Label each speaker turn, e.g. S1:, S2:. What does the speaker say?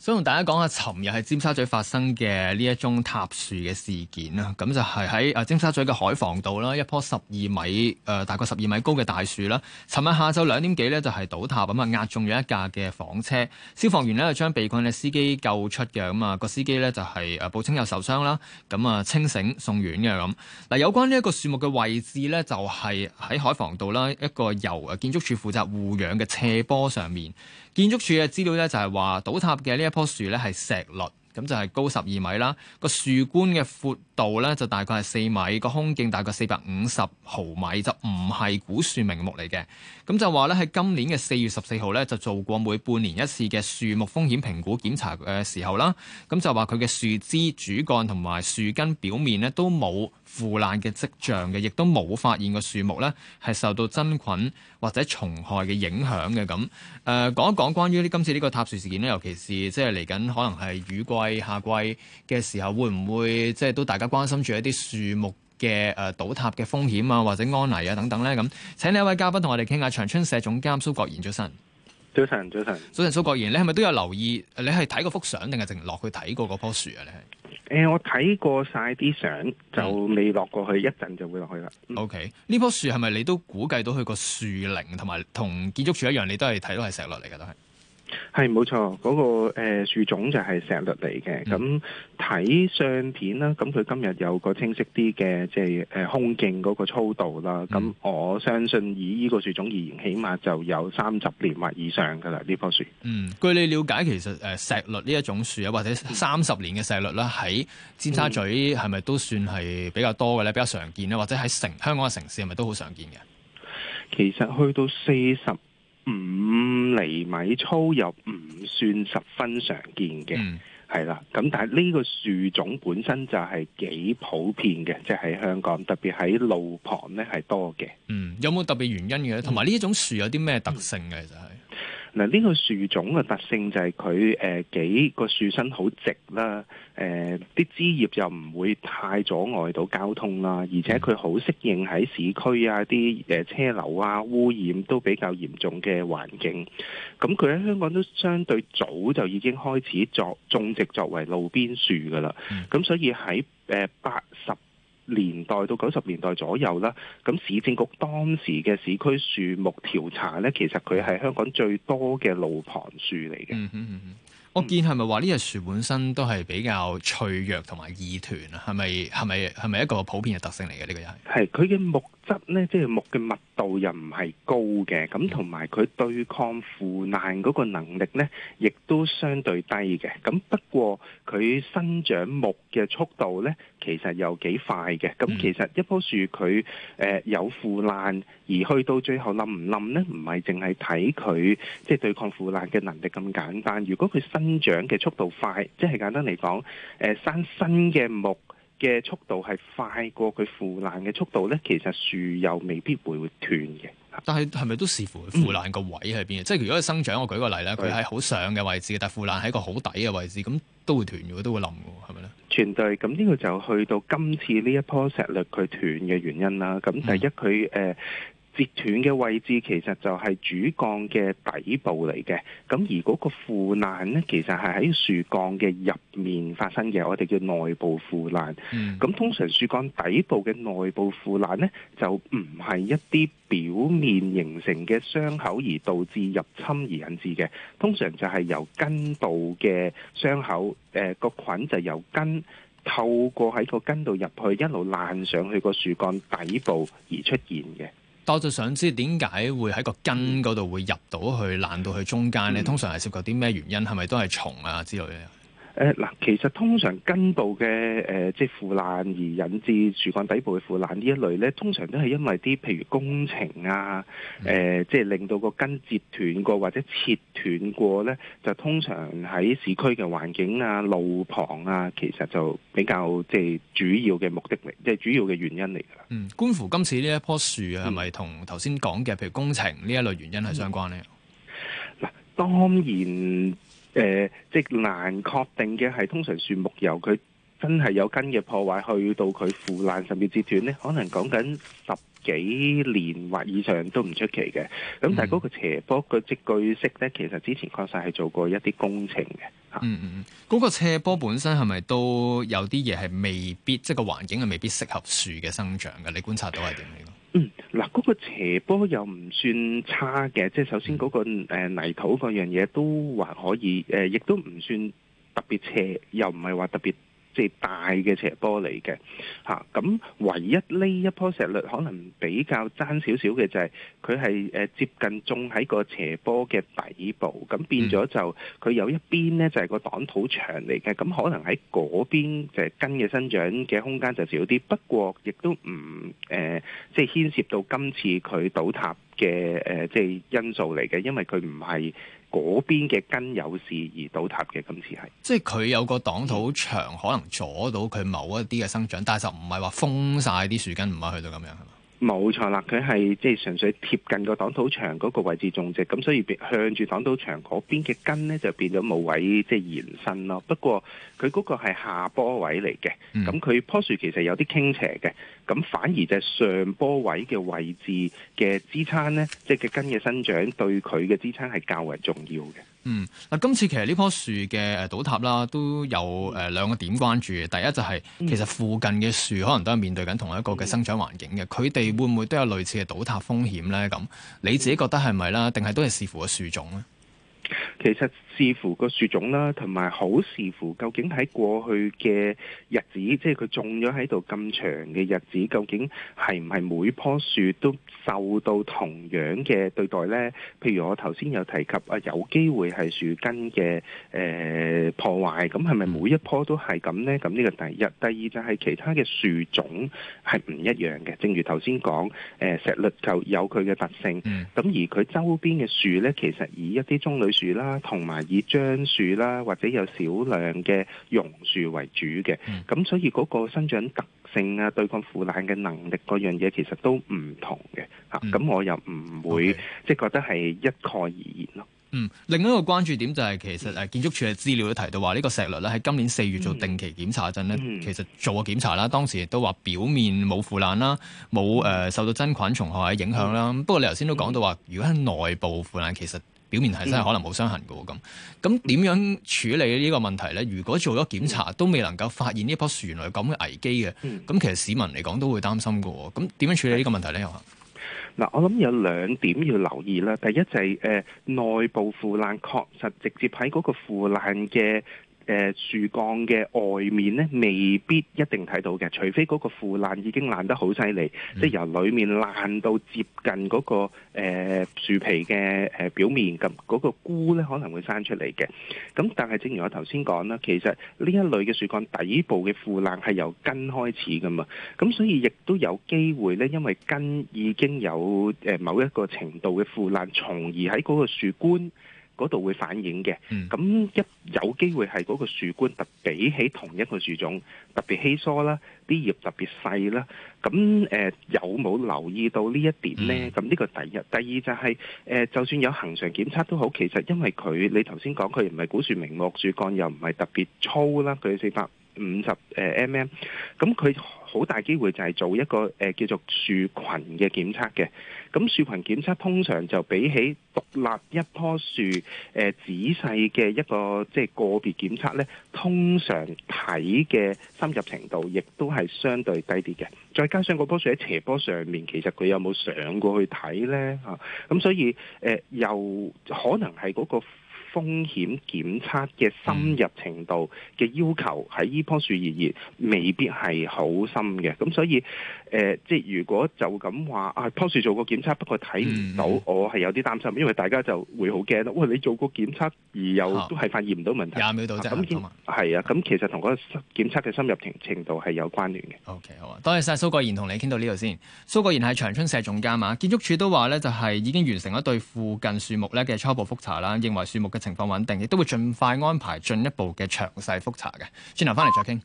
S1: 想同大家講下，尋日喺尖沙咀發生嘅呢一宗塌樹嘅事件啊，咁就係喺啊尖沙咀嘅海防道啦，一棵十二米誒、呃，大概十二米高嘅大樹啦。尋日下晝兩點幾呢，就係倒塌啊嘛，壓中咗一架嘅房車。消防員呢，就將被困嘅司機救出嘅，咁、那、啊個司機呢，就係誒報稱有受傷啦，咁啊清醒送院嘅咁。嗱，有關呢一個樹木嘅位置呢，就係、是、喺海防道啦，一個由建築署負責護養嘅斜坡上面。建築署嘅資料呢，就係話，倒塌嘅呢一棵樹咧係石栗，咁就係、是、高十二米啦，個樹冠嘅闊度咧就大概係四米，個胸徑大概四百五十毫米，就唔係古樹名木嚟嘅。咁就話咧喺今年嘅四月十四號咧就做過每半年一次嘅樹木風險評估檢查嘅時候啦。咁就話佢嘅樹枝主幹同埋樹根表面咧都冇腐爛嘅跡象嘅，亦都冇發現個樹木咧係受到真菌或者蟲害嘅影響嘅。咁 誒樂，講一講關於呢今次呢個塌樹事件咧，尤其是即係嚟緊可能係雨季、夏季嘅時候，會唔會即係都大家？ 關心住一啲樹木嘅誒、呃、倒塌嘅風險啊，或者安危啊等等咧，咁，請呢一位嘉賓同我哋傾下。長春社總監蘇國賢早晨，
S2: 早晨早晨。
S1: 早晨，蘇國賢，你係咪都有留意？你係睇過幅相定係淨落去睇過嗰棵樹啊？你誒、
S2: 呃，我睇過晒啲相，就未落過去，一陣、嗯、就會落去啦。
S1: OK，呢棵
S2: 樹係咪你都估計到佢個樹
S1: 齡，同埋同建築署一樣，你都係睇到係石落嚟噶都係。
S2: 係冇錯，嗰、那個誒樹、呃、種就係石栗嚟嘅。咁睇、嗯、相片啦，咁佢今日有個清晰啲嘅，即係誒胸徑嗰個粗度啦。咁我相信以呢個樹種而言，起碼就有三十年或以上噶啦呢棵樹。嗯，
S1: 據你了解，其實誒石栗呢一種樹啊，或者三十年嘅石栗啦，喺尖沙咀係咪都算係比較多嘅咧？比較常見咧，或者喺城香港嘅城市係咪都好常見嘅？其
S2: 實去到四十。五厘米粗又唔算十分常見嘅。係啦、嗯。咁但係呢個樹種本身就係幾普遍嘅，即係喺香港，特別喺路旁咧係多嘅、嗯嗯。
S1: 嗯，有冇特別原因嘅咧？同埋呢一種樹有啲咩特性嘅其實？
S2: 嗱，呢個樹種嘅特性就係佢誒幾個樹身好直啦，誒啲枝葉又唔會太阻礙到交通啦，而且佢好適應喺市區啊啲誒車流啊污染都比較嚴重嘅環境。咁佢喺香港都相對早就已經開始作種植作為路邊樹㗎喇，咁、嗯嗯、所以喺誒八十年代到九十年代左右啦，咁市政局當時嘅市區樹木調查咧，其實佢係香港最多嘅路旁樹嚟嘅、嗯。嗯嗯
S1: 嗯我見係咪話呢隻樹本身都係比較脆弱同埋易斷啊？係咪係咪係咪一個普遍嘅特性嚟嘅呢個人，
S2: 係佢嘅木。質咧即係木嘅密度又唔係高嘅，咁同埋佢對抗腐爛嗰個能力咧，亦都相對低嘅。咁不過佢生長木嘅速度咧，其實又幾快嘅。咁其實一樖樹佢誒有腐爛，而去到最後冧唔冧咧，唔係淨係睇佢即係對抗腐爛嘅能力咁簡單。如果佢生長嘅速度快，即係簡單嚟講，誒生新嘅木嘅速度係快過佢腐爛嘅速度呢，其實樹又未必會會斷嘅。但係係咪
S1: 都視乎腐爛個位喺邊、嗯、即係如果佢生長，我舉個例啦，佢喺好上嘅位置，但係腐爛喺個好底嘅位置，咁都會斷如果都會冧嘅，係
S2: 咪咧？全對，咁呢個就去到今次呢一棵石栗佢斷嘅原因啦。咁第一佢誒。嗯呃截斷嘅位置其實就係主幹嘅底部嚟嘅，咁而嗰個腐爛呢，其實係喺樹幹嘅入面發生嘅，我哋叫內部腐爛。咁、嗯、通常樹幹底部嘅內部腐爛呢，就唔係一啲表面形成嘅傷口而導致入侵而引致嘅，通常就係由根部嘅傷口，誒、呃、個菌就由根透過喺個根度入去，一路爛上去個樹幹底部而出現嘅。
S1: 但我就想知點解會喺個根嗰度會入到去爛到去中間咧？通常係涉及啲咩原因？係咪都係蟲啊
S2: 之類嘅？誒，嗱，其實通常根部嘅，誒，即係腐爛而引致樹幹底部嘅腐爛呢一類咧，通常都係因為啲譬如工程啊，誒、呃，即係令到個根接斷過或者切斷過咧，就通常喺市區嘅環境啊、路旁啊，其實就比較即係主要嘅目的嚟，即係主要嘅原因嚟噶。嗯，觀
S1: 乎今次呢一棵樹啊係咪同頭先講嘅，譬如工程呢一類原因係相關咧？
S2: 嗱、嗯，當然。誒、呃，即係難確定嘅，係通常樹木由佢真係有根嘅破壞去到佢腐爛甚至折斷呢，可能講緊十幾年或以上都唔出奇嘅。咁但係嗰個斜坡嗰隻巨石呢，其實之前確實係做過一啲工程嘅、嗯。
S1: 嗯嗯嗯，嗰、那個斜坡本身係咪都有啲嘢係未必，即係個環境係未必適合樹嘅生長嘅？你觀察到係點樣？
S2: 嗯呃斜坡又唔算差嘅，即係首先嗰個誒泥土嗰樣嘢都還可以，誒亦都唔算特別斜，又唔係話特別。即係大嘅斜坡嚟嘅，嚇、啊、咁唯一呢一棵石率可能比較爭少少嘅就係佢係誒接近種喺個斜坡嘅底部，咁變咗就佢有一邊咧就係、是、個擋土牆嚟嘅，咁、啊、可能喺嗰邊就根嘅生長嘅空間就少啲，不過亦都唔誒即係牽涉到今次佢倒塌。嘅誒、呃，即係因素嚟嘅，因為佢唔係嗰邊嘅根有事而倒塌嘅，今次係，
S1: 即係佢有個擋土牆、嗯、可能阻到佢某一啲嘅生長，但係就唔係話封晒啲樹根唔係去到咁樣，係嘛？
S2: 冇錯啦，佢係即係純粹貼近個擋土牆嗰個位置種植，咁所以向住擋土牆嗰邊嘅根咧就變咗冇位即係延伸咯。不過佢嗰個係下坡位嚟嘅，咁佢、嗯、棵樹其實有啲傾斜嘅。咁反而就上波位嘅位置嘅支撐咧，即係根嘅生長對佢嘅支撐係較為重要嘅。嗯，
S1: 嗱，今次其實呢棵樹嘅倒塌啦，都有誒兩個點關注。第一就係其實附近嘅樹可能都係面對緊同一個嘅生長環境嘅，佢哋、嗯、會唔會都有類似嘅倒塌風險咧？咁你自己覺得係咪啦？定係、嗯、都係視乎個樹種咧？
S2: 其實。視乎個樹種啦，同埋好視乎究竟喺過去嘅日子，即係佢種咗喺度咁長嘅日子，究竟係唔係每棵樹都受到同樣嘅對待咧？譬如我頭先有提及啊，有機會係樹根嘅誒、呃、破壞，咁係咪每一棵都係咁咧？咁呢個第一，第二就係其他嘅樹種係唔一樣嘅。正如頭先講，誒石栗就有佢嘅特性，咁、mm. 而佢周邊嘅樹咧，其實以一啲棕櫚樹啦，同埋。以樟樹啦，或者有少量嘅榕樹為主嘅，咁、嗯、所以嗰個生長特性啊，對抗腐爛嘅能力嗰樣嘢，其實都唔同嘅，吓、嗯，咁、啊、我又唔會 Okay. 即係覺得係一概而言咯。
S1: 嗯，另一個關注點就係、是，其實誒，建築署嘅資料都提到話，呢個石律咧喺今年四月做定期檢查陣咧，嗯嗯、其實做過檢查啦，當時亦都話表面冇腐爛啦，冇誒、呃、受到真菌蟲害嘅影響啦。不過、嗯、你頭先都講到話，如果喺內部腐爛，其實。表面係真係可能冇傷痕嘅喎，咁咁點樣處理呢個問題咧？如果做咗檢查、嗯、都未能夠發現呢棵樹原來咁嘅危機嘅，咁、嗯、其實市民嚟講都會擔心嘅喎。咁點樣處理呢個問題咧？又啊、嗯，
S2: 嗱，我諗有兩點要留意啦。第一就係、是、誒、呃、內部腐爛確實直接喺嗰個腐爛嘅。誒樹幹嘅外面咧，未必一定睇到嘅，除非嗰個腐爛已經爛得好犀利，即係由裡面爛到接近嗰、個誒、呃、樹皮嘅誒表面咁，嗰、個菇咧可能會生出嚟嘅。咁但係正如我頭先講啦，其實呢一類嘅樹幹底部嘅腐爛係由根開始噶嘛，咁所以亦都有機會咧，因為根已經有誒某一個程度嘅腐爛，從而喺嗰個樹冠。嗰度會反映嘅，咁一有機會係嗰個樹冠特比起同一個樹種特別稀疏啦，啲葉特別細啦，咁誒、呃、有冇留意到呢一點呢？咁呢個第一，第二就係、是、誒、呃，就算有恆常檢測都好，其實因為佢你頭先講佢唔係古樹名木，樹幹又唔係特別粗啦，佢四百五十誒 mm，咁佢好大機會就係做一個誒、呃、叫做樹群嘅檢測嘅。咁樹群檢測通常就比起獨立一棵樹誒、呃、仔細嘅一個即係個別檢測咧，通常睇嘅深入程度亦都係相對低啲嘅。再加上嗰樖樹喺斜坡上面，其實佢有冇上過去睇咧？啊，咁所以誒、呃、又可能係嗰、那個。風險檢測嘅深入程度嘅要求喺依樖樹而言，未必係好深嘅。咁所以，誒、呃，即係如果就咁話啊，樖樹做個檢測，不過睇唔到，嗯、我係有啲擔心，因為大家就會好驚咯。哇，你做個檢測而又都係發現唔到問題，廿秒度啫，咁係啊，咁其實同嗰個檢測嘅深入程度係有關聯嘅。OK，好
S1: 啊，多謝晒蘇國賢同你傾到呢度先。蘇國賢係長春社總監嘛、啊，建築署都話咧就係已經完成咗對附近樹木咧嘅初步覆查啦，認為樹木嘅。情況穩定，亦都會盡快安排進一步嘅詳細覆查嘅。轉頭翻嚟再傾。